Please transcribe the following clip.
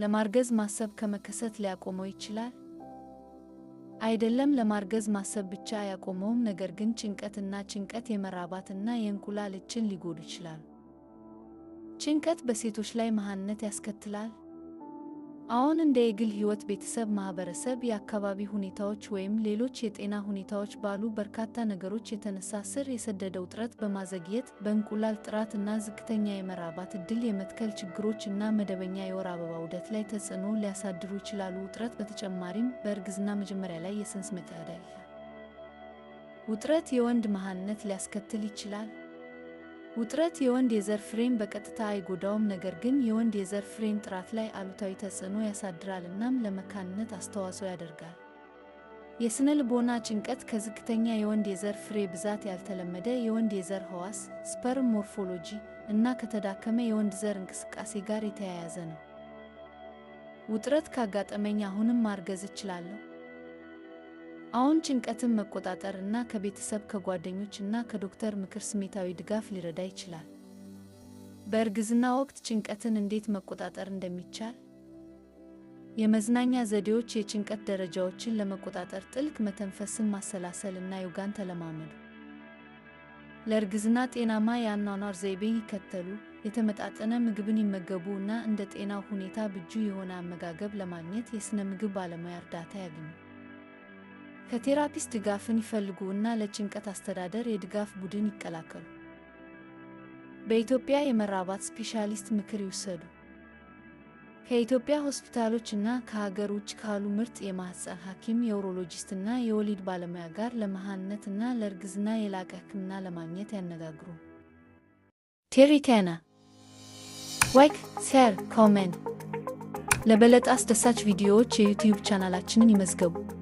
ለማርገዝ ማሰብ ከመከሰት ሊያቆመው ይችላል? አይደለም፣ ለማርገዝ ማሰብ ብቻ አያቆመውም። ነገር ግን ጭንቀትና ጭንቀት የመራባትና የእንቁላል እጭን ሊጎዱ ይችላሉ። ጭንቀት በሴቶች ላይ መሃንነት ያስከትላል። አሁን እንደ የግል ሕይወት፣ ቤተሰብ፣ ማህበረሰብ፣ የአካባቢ ሁኔታዎች ወይም ሌሎች የጤና ሁኔታዎች ባሉ በርካታ ነገሮች የተነሳ ስር የሰደደ ውጥረት በማዘግየት በእንቁላል ጥራት እና ዝቅተኛ የመራባት እድል የመትከል ችግሮች እና መደበኛ የወር አበባ ዑደት ላይ ተጽዕኖ ሊያሳድሩ ይችላሉ። ውጥረት በተጨማሪም በእርግዝና መጀመሪያ ላይ የፅንስ መጠዳት ውጥረት የወንድ መሃንነት ሊያስከትል ይችላል። ውጥረት የወንድ የዘር ፍሬም በቀጥታ አይጎዳውም፣ ነገር ግን የወንድ የዘር ፍሬም ጥራት ላይ አሉታዊ ተጽዕኖ ያሳድራል እናም ለመካንነት አስተዋጽኦ ያደርጋል። የስነ ልቦና ጭንቀት ከዝቅተኛ የወንድ የዘር ፍሬ ብዛት፣ ያልተለመደ የወንድ የዘር ህዋስ ስፐርም ሞርፎሎጂ እና ከተዳከመ የወንድ ዘር እንቅስቃሴ ጋር የተያያዘ ነው። ውጥረት ካጋጠመኝ አሁንም ማርገዝ እችላለሁ? አሁን ጭንቀትን መቆጣጠር እና ከቤተሰብ ከጓደኞች እና ከዶክተር ምክር ስሜታዊ ድጋፍ ሊረዳ ይችላል። በእርግዝና ወቅት ጭንቀትን እንዴት መቆጣጠር እንደሚቻል የመዝናኛ ዘዴዎች የጭንቀት ደረጃዎችን ለመቆጣጠር ጥልቅ መተንፈስን፣ ማሰላሰል እና ዮጋን ተለማመዱ። ለእርግዝና ጤናማ የአኗኗር ዘይቤን ይከተሉ፣ የተመጣጠነ ምግብን ይመገቡ እና እንደ ጤናው ሁኔታ ብጁ የሆነ አመጋገብ ለማግኘት የሥነ ምግብ ባለሙያ እርዳታ ያግኙ። ከቴራፒስት ድጋፍን ይፈልጉ እና ለጭንቀት አስተዳደር የድጋፍ ቡድን ይቀላቀሉ። በኢትዮጵያ የመራባት ስፔሻሊስት ምክር ይውሰዱ። ከኢትዮጵያ ሆስፒታሎች እና ከሀገር ውጭ ካሉ ምርጥ የማህፀን ሐኪም፣ የኡሮሎጂስት እና የወሊድ ባለሙያ ጋር ለመሃንነት እና ለእርግዝና የላቀ ሕክምና ለማግኘት ያነጋግሩ። ቴሪቴና ዋይክ ሴር ኮሜን ለበለጠ አስደሳች ቪዲዮዎች የዩቲዩብ ቻናላችንን ይመዝገቡ።